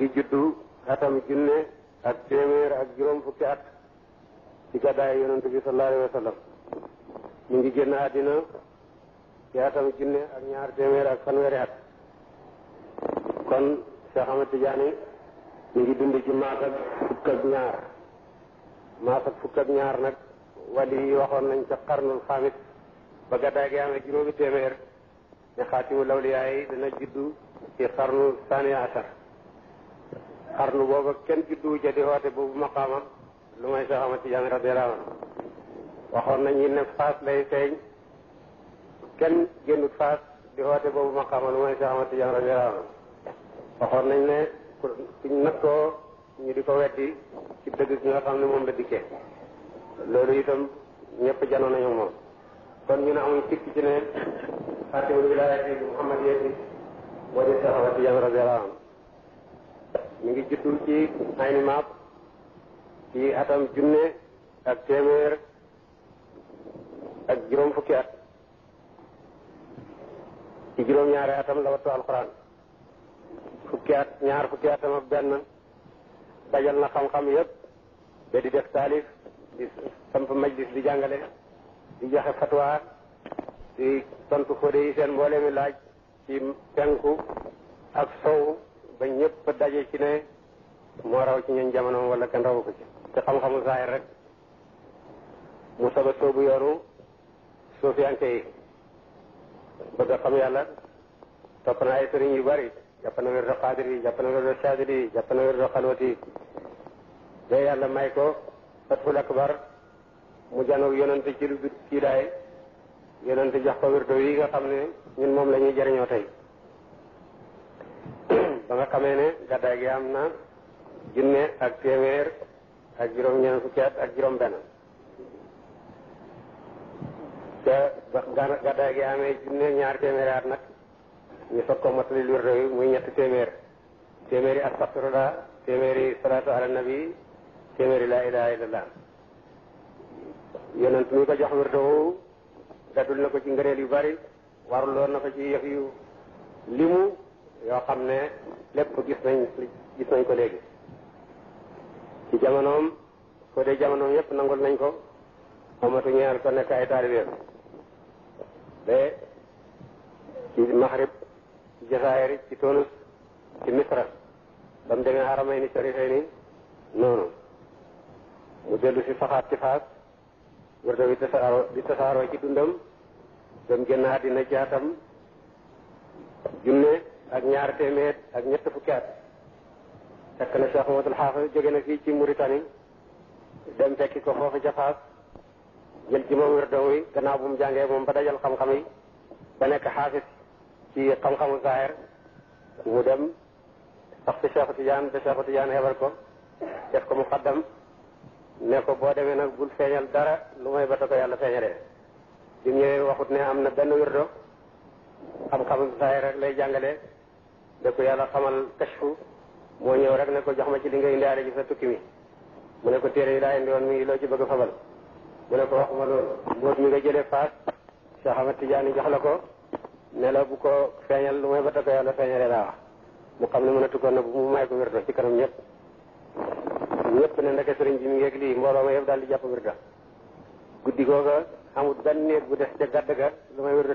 ngi juddu atam junne ak téeméer ak juróom fukki at ci gàddaay yonent bi sallallahu alayhi wa mu ngi génn àddina ci atam junne ak ñaar téeméer ak fanweeri at kon Cheikh Ahmad Tidiane mu ngi dund ci maas ak fukk ak ñaar nag wali waxoon nañ ca xarnul xamit ba gàddaay gi amee juróomi téeméer ne xaatimu lawliyaa dana juddu ci xarnu saniya xarnu booba kenn juddu ca di woote boobu maqaamam lu may Cheikh Ahmad Tidiane radiyallahu anhu waxoon nañu ne faas lay feeñ kenn génnut faas di woote boobu maqaamam lu may Cheikh Ahmad Tidiane radiyallahu anhu waxoon nañ ne kuñ nag koo ñu di ko weddi ci dëgg gi nga xam ne moom la dikkee loolu itam ñëpp janoon nañu moom kon ñu ne amuñ sikk ci ne xaatimul wilaayati Muhammad yeeti moo di Cheikh Ahmad Tidiane radiyallahu anhu mi ngi juddu ci ayni maap ci atam junne ak téeméer ak juróom fukki at ci juróom-ñaari atam la wattu alxuraan fukki at ñaar fukki atam ak benn dajal na xam-xam yëpp ba di def taalif di samp majlis di jàngale di joxe fatwa di tontu fóode yi seen mboole laaj ci penku ak sow ba ñëpp daje ci ne moo raw ci ñun jamono wala kenn ko ci te xam-xamu zahir rek mu saba soobu yoonu suufiyanke yi bëgg a xam yàlla topp na ay sëriñ yu bari jàpp na wér do xaadir yi jàpp na wér do saadir yi jàpp na wér de yàlla may ko fatful akbar mu janoog yonent ci lu kii daay yonent jox ko wérdo yi nga xam ne ñun moom lañuy ñuy jëriñoo tey ba nga xamee ne gàddaay gi am na junne ak téeméer ak juróom-ñeent fukki ak juróom-benn te ba gàddaay gi amee junne ñaar téeméeri at nag ñu soog ko mottali lu réew muy ñetti téeméer téeméeri astaxfirullah téeméeri salaatu ala nabi téeméeri laa ilaha illallah yonent mi ko jox wirdo dadul na ko ci ngëneel yu bari warul loon na ko ci yëf yu limu yoo xam ne lépp gis nañ gis nañ ko léegi ci jamonoom ko dee jamonoom yépp nangul nañ ko amatu ñeel ko nekk ay taalibeem ba ci Maghrib ci Jasaayir ci Tunis ci Misra ba mu demee Haramayni Sharifayni noonu mu dellu si faxaat ci faas wërda bi tasaaroo bi tasaaroo ci dundam ba mu génn àddina jaatam junne ak ñaar téeméer ak ñett fukki at fekk na Cheikh Mamadou Xaafis ci Mauritanie dem fekki ko foofu ca Faas jël ci moom wér-dong wi gannaaw bu mu jàngee moom ba dajal xam-xam yi ba nekk xaafis ci xam-xamu zahir mu dem sax ci Cheikh Tidiane ba Cheikh Tidiane hebal ko def ko mu xaddam ne ko boo demee nag bul feeñal dara lu may ba ko yàlla feeñalee bi mu ñëwee waxut ne am na benn wérdo xam-xamu zahir lay jàngale da ko yàlla xamal kashfu moo ñëw rek ne ko jox ma ci li nga indaale ci sa tukki mi mu ne ko téere yi laa indi woon mi ngi loo ci bëgg fabal mu ne ko waxuma loolu mbóot mi nga jëlee faas Cheikh Ahmad Tidiane jox la ko ne la bu ko feeñal lu may ba ta ko yàlla feeñalee laa wax mu xam ne mënatu ko nag mu may ko wirdo ci kanam ñëpp ñëpp ne ndeke sëriñ bi mi ngi lii mbooloo ma yëpp daal di jàpp wirdo guddi googa amul benn néeg bu des ca gàdd ga lu may wirdo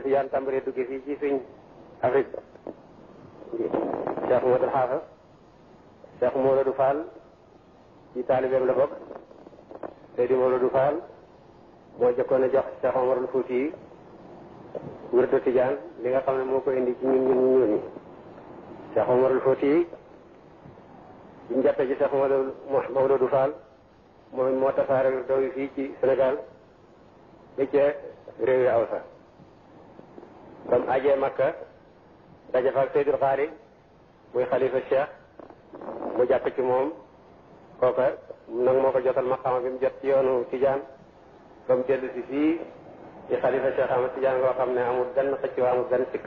Tidiane Afrique Cheikh Modou Xaafa Cheikh Modou Fall ci taalibeem la bokk Seydi Modou Fall moo jëkkoon a jox Cheikh Omarul Fouti yi wirdu Tijaan li nga xam ne moo ko indi ci ñun ñun ñun ñi Cheikh Omarul Fouti yi ñu jàppee ci Cheikh Modou Maodo Fall moo tasaare wirdu yi fii ci Sénégal ba ca réew yi Awsa comme ajee Makka daje fa Seydul Xaari muy xalifa cheikh mu jàpp ci moom kooka nag moo ko jotal maqaama bi mu jot ci yoonu Tijaan ba mu dellu si fii ci xalifa cheikh Ahmad Tijaan ngoo xam ne amul benn xëcc waa amul benn sikk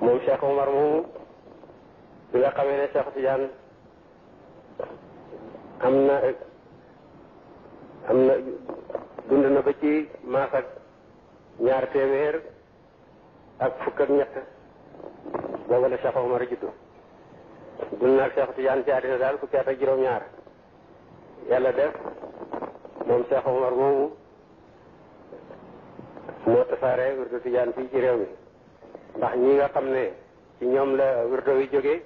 moom Cheikh Omar moomu bi nga xamee ne Cheikh Tijaan am na am na dund na ba ci maas ñaar téeméer ak fukk ak ñett booba la Cheikh Omar juddu dund na ak Cheikh Tidiane ci àddina daal fukki at ak juróom-ñaar yàlla def moom Cheikh Omar moomu moo tasaare wirdu Tidiane fii ci réew mi ndax ñi nga xam ne ci ñoom la wirdu wi jógee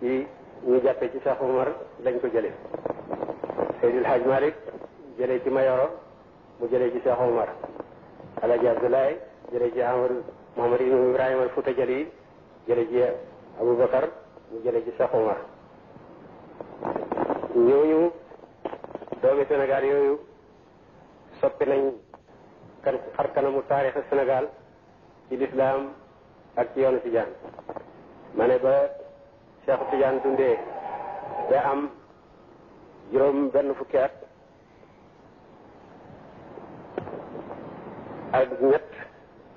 ci ñu jàppee ci Cheikh Omar lañ ko jëlee Seydil Hadj Malick jëlee ci Mayoro mu jële ci Cheikh Omar Alaaji Abdoulaye jëlee ci Amadou Muhammad ibnu Ibrahima al Fuuta Jali jële ji Aboubacar mu jële ji Cheikh Omar ñooñu doomi Sénégal yooyu soppi nañ kan xar kanamu taarixu Sénégal ci lislaam ak ci yoonu Tijaan ma ne ba Cheikh Tijaan dundee ba am juróom benn fukki at ak ñett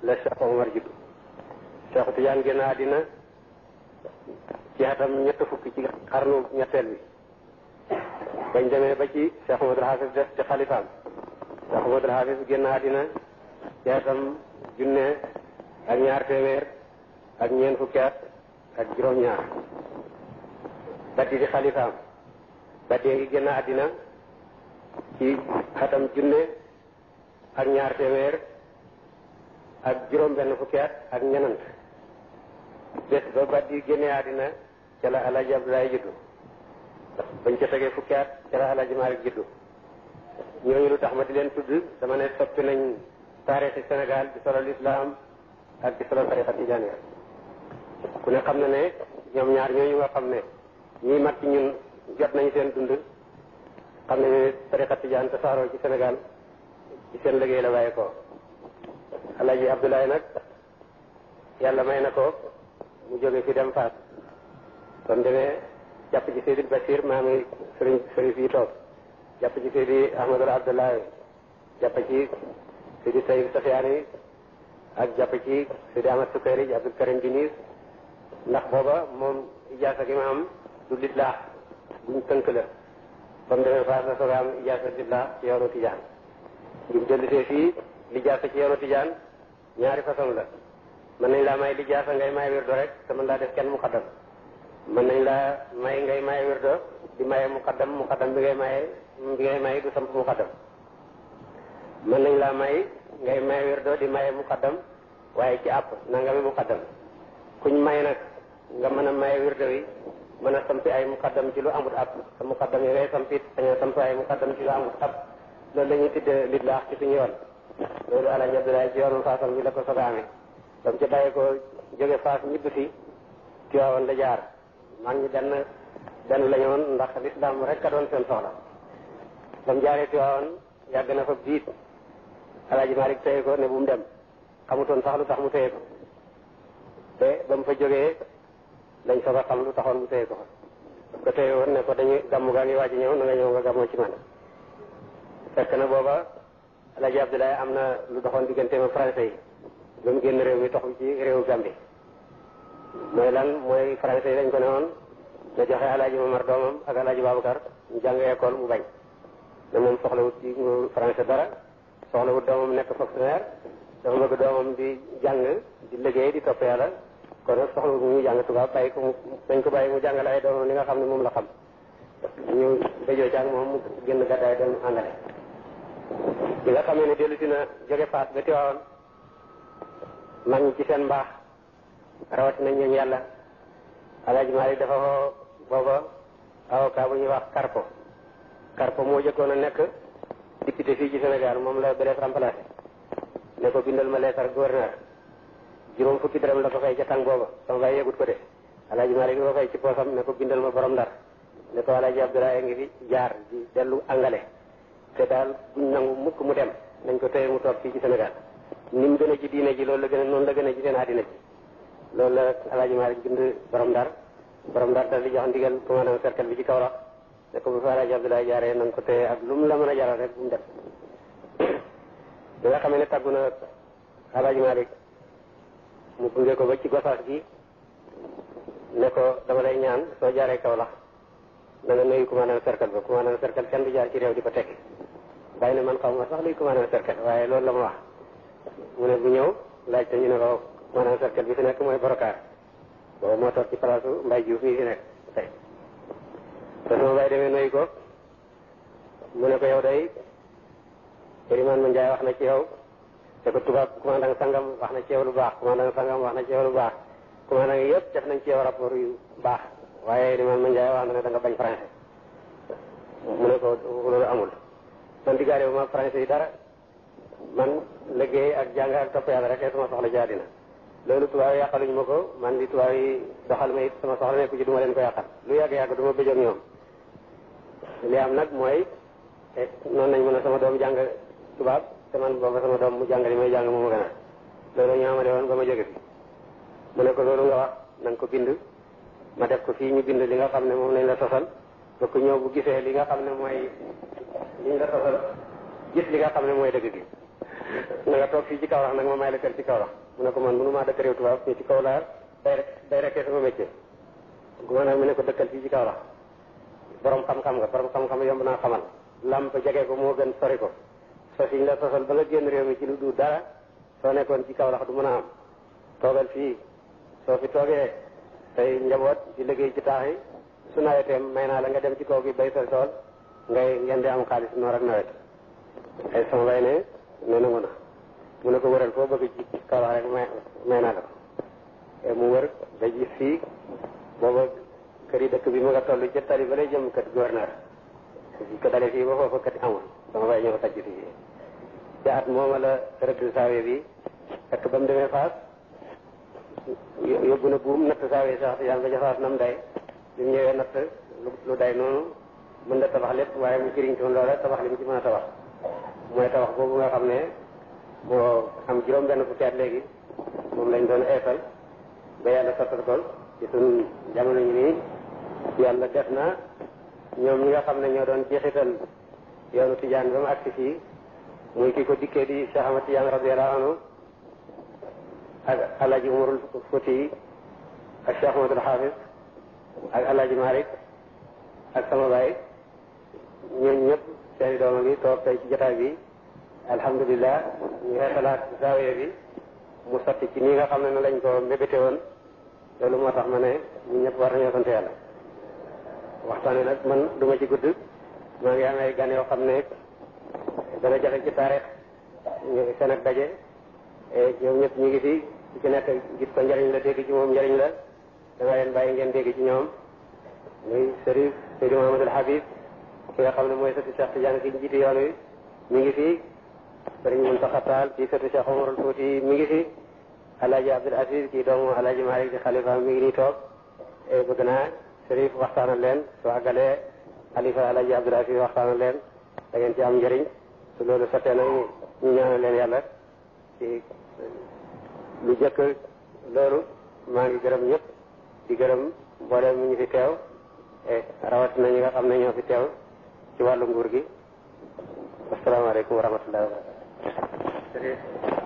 la Cheikh Omar juddu Cheikh Tidiane génn àddina ci atam ñett fukki ci xarnu ñetteel bi bañ demee ba ci Cheikh Mamadou Hafiz def ci xalifaam Cheikh Mamadou Hafiz génn àddina ci atam junne ak ñaar téeméer ak juróom benn fukki ak ñenant bés ba bat yi génne àddina ca la alaji Abdoulaye juddu bañ ca tegee fukki at ca la alaji Malick juddu ñooñu lu tax ma di leen tudd dama ne soppi nañ taarixi Sénégal di solo lislaam ak di solo tariqa tijaaniya ku ne xam na ne ñoom ñaar ñooñu nga xam ne ñii mag ñun jot nañu seen dund xam ne tariqa tijaan tasaaroo ci Sénégal ci seen liggéey la waaye ko alaaji Abdoulaye nag yàlla may na ko mu jóge fi dem Fass kon demee jàpp ci Seydi Bachir maami sëriñ sëriñ fii toog jàpp ci Seydi Ahmadou Abdoulaye jàpp ci Seydi Sayid Safiyaani ak jàpp ci Seydi Ahmad Sukayri Abdul Karim Diniis ndax booba moom ijaasa gi ma am du litlaax buñ tënk la ba mu demee Fass la soog a am ijaasa litlaax yoonu Tijaan bi mu dellusee fii lijaasa ci yoonu tijaan ñaari façon la mën nañ laa may lijaasa ngay may wirdo rek te mën laa def kenn muqaddam mën nañ laa may ngay may wirdo di maye muqaddam muqaddam bi ngay maye bi ngay may du samp muqaddam mën nañ laa may ngay may wirdo di maye muqaddam waaye ci àpp nangami muqaddam kuñ may nag nga mën a maye wirdo yi mën a sampi ay muqaddam ci lu amut àpp te muqaddam yi ngay sampit sañ a samp ay muqaddam ci lu amut àpp loolu la ñuy tuddee litlaax ci suñu yoon loolu Alaaji Abdoulaye ci yoonu faasam bi la ko sogaame ba mu ci bàyyi ko jóge faas ñibbi Tiwaawan la jaar mag ñi benn benn la ñoon ndax lislaam rek a doon seen soxla ba mu jaaree Tiwaawan yàgg na fa biit Alaaji Malik téye ko ne bu mu dem xamutoon sax lu tax mu téye ko te ba mu fa jógee lañ soog a lu taxoon mu téye ko fa ko téye woon ne ko dañuy gàmmu gaa ngi waaj a ñëw na nga ñëw nga gàmmoo ci man fekk na booba Alaaji Abdoulaye am na lu doxoon diggante ma français yi ba mu génn réew mi toxu ci réew Gambi mooy lan mooy français yi dañ ko ne woon na joxe Alaaji Mamar doomam ak Alaaji Babacar ñu jàng école mu bañ ne moom soxlawut ci nguur français dara soxlawut doomam nekk fonctionnaire dafa bëgg doomam di jàng di liggéey di topp yàlla kon nag soxlawut mu ñu jàng tubaab bàyyi ko mu dañ ko bàyyi mu jàngale ay doomam li nga xam ne moom la xam ñu dajoo ci ak moom mu bi nga xamee ne dellu dina jóge faas ba tiwaawoon mag ci seen mbaax rawatina ñooñu yàlla alaaji Maalik dafa woo booba avocat bu ñuy wax Carpo Carpo moo jëkkoon a nekk député fii ci Sénégal moom la Blaise remplacé ne ko bindal ma leetar gouverneur juróom fukki dërëm la ko fay ca tàng booba sama baay yëgut ko de yi Maalik ko fay ci poosam ne ko bindal ma borom ndar ne ko alaaji Abdoulaye ngi fi jaar di dellu angale te daal buñ nangu mukk mu dem nañ ko téye mu toog fii ci Sénégal ni mu gën a ji diine ji loolu la gën a noonu la gën a ji seen àddina ji loolu la alaaji Maalik bind borom ndar borom ndar di jox bi ci Kaolack ne ko bu fa alaaji Abdoulaye jaaree nañ ko téye ak lu mu la mën a jaral rek bu mu dem bi nga ne tàggu na alaaji Maalik mu ko ba ci gosaas gi ne ko dama lay ñaan soo jaaree Kaolack na nga nuyu commandant cercle ba commandant cercle kenn du jaar ci réew di ko tekki ne man xaw ma sax luy commandant cercle waaye loolu la ma wax mu ne bu ñëw laaj ñu ne ko commandant cercle bi fi nekk mooy borokaar boobu moo toog ci place Mbaye Diouf mii fi nekk tey te sama bàyyi demee nuyu ko mu ne ko yow day Elimane ma jaay wax na ci yow te ko tubaab commandant sangam wax na ci yow lu baax commandant sangam wax na ci yow lu baax commandant yëpp def nañ ci yow rapport yu baax waaye li moom Ndiaye wax na ne da nga bañ français mu ne ko loolu amul man diggaale bu ma français yi dara man liggéey ak jàng ak topp yàlla rek sama soxla jaa dina loolu tubaab yi yàqaluñ ma ko man di ma sama soxla nekku ci ma leen ko lu yàgg yàgg du ma bëjog ñoom li am nag mooy eh, noon nañ mën a sama doom jàng tubaab te man booba sama doom mu jàng li may jàng moom gën a loolu ñu amale woon ba ma jóge fi mu ne ko loolu nga wax na ko bind ma def ko fii ñu bind li nga xam ne moom lañ la tosal ba ku ñëw bu gisee li nga xam ne mooy liñ la tosal gis li nga xam ne mooy dëgg gi na nga toog fii ci Kaolack nag ma may la kër ci Kaolack mu ne ko man mënumaa dëkk réew tubaab fii ci Kaolack day day rekkee sama métier gouverneur mu ne ko dëkkal fii ci Kaolack borom xam-xam nga borom xam-xam yomb naa xamal làmp jege ko moo gën sori ko so siñ la sosal ba nga génn réew mi ci lu du dara soo nekkoon ci Kaolack du mën a am toogal fii soo fi toogee tey njaboot di liggéey ci taax yi su nawetee may naa la nga dem ci kaw gi bay sa tool ngay ngeen di am xaalis noor ak nawet ay sama bay ne ne nangu na mu ko wëral foo bëgg ci kaw rek may naa la ko e mu wër ba gis fii booba kër yi dëkk bi mu nga toll ci tali ba lay jëm kër gouverneur ko dale fii ba foofa kër amul sama bay ñëw tajj fii ci at mooma la rëdd saawe bi fekk ba mu demee Faas yóbbu na buum natt saa wee sax tijaan ba jafaas nam day bi ñëwee natt lu day noonu mën na tabax lépp waaye mu jëriñ toon loola tabax li mu ci mën a tabax mooy tabax boobu nga xam ne moo am juróom benn fukki at léegi moom lañ doon eefal ba yàlla sottal ko ci suñ jamono ñu nii yàlla def na ñoom ñi nga xam ne ñoo doon jeexital yoonu tijaan ba mu agsi fii muy ki ko dikkee di Cheikh Ahmad Tijaan radiyallahu anhu ak alaaji umarul fóoti yi ak Cheikh Mamadou Xaafis ak alaaji Malick ak sama baay ñooñu ñëpp seeni dooma ngi toog tey ci jotaay bi alhamdulilah ñu ngi xalaat zaawiya bi mu sotti ci nii nga xam ne ne lañ soo mbébété woon loolu moo tax ma ne ñu ñëpp war nañoo sant yàlla waxtaane nag man du ci gudd maa ngi am gan yoo xam ne dana jafe ci taarix seen ak daje Eh, ñoom ñëpp ñu ngi fi ci nekk gis ko njariñ la dégg ci moom njariñ la danga leen bàyyi ngeen dégg ci ñoom muy Serif Seydi Mouhamadul Habib ki nga xam ne mooy sëtu Cheikh Tidiane ki jiitu yoon wi mi ngi fi Serigne Mountakha Tall di sëtu Cheikh mi ngi fi Alaaji Abdul Aziz ki doomu Alaaji Malik di xalifa mi ngi nii toog eh, bëgg naa Serif waxtaanal leen su àggalee xalifa Alaaji Abdul Aziz waxtaanal leen dangeen ci am njariñ su loolu sottee nag ñu ñaanal leen yàlla lu jëkk loolu maa ngi gërëm ñëpp di gërëm mboolem ñu fi teew rawat na ñi nga xam ne ñoo fi teew ci wàllu nguur gi asalaamaaleykum wa rahmatullahi wa barakatu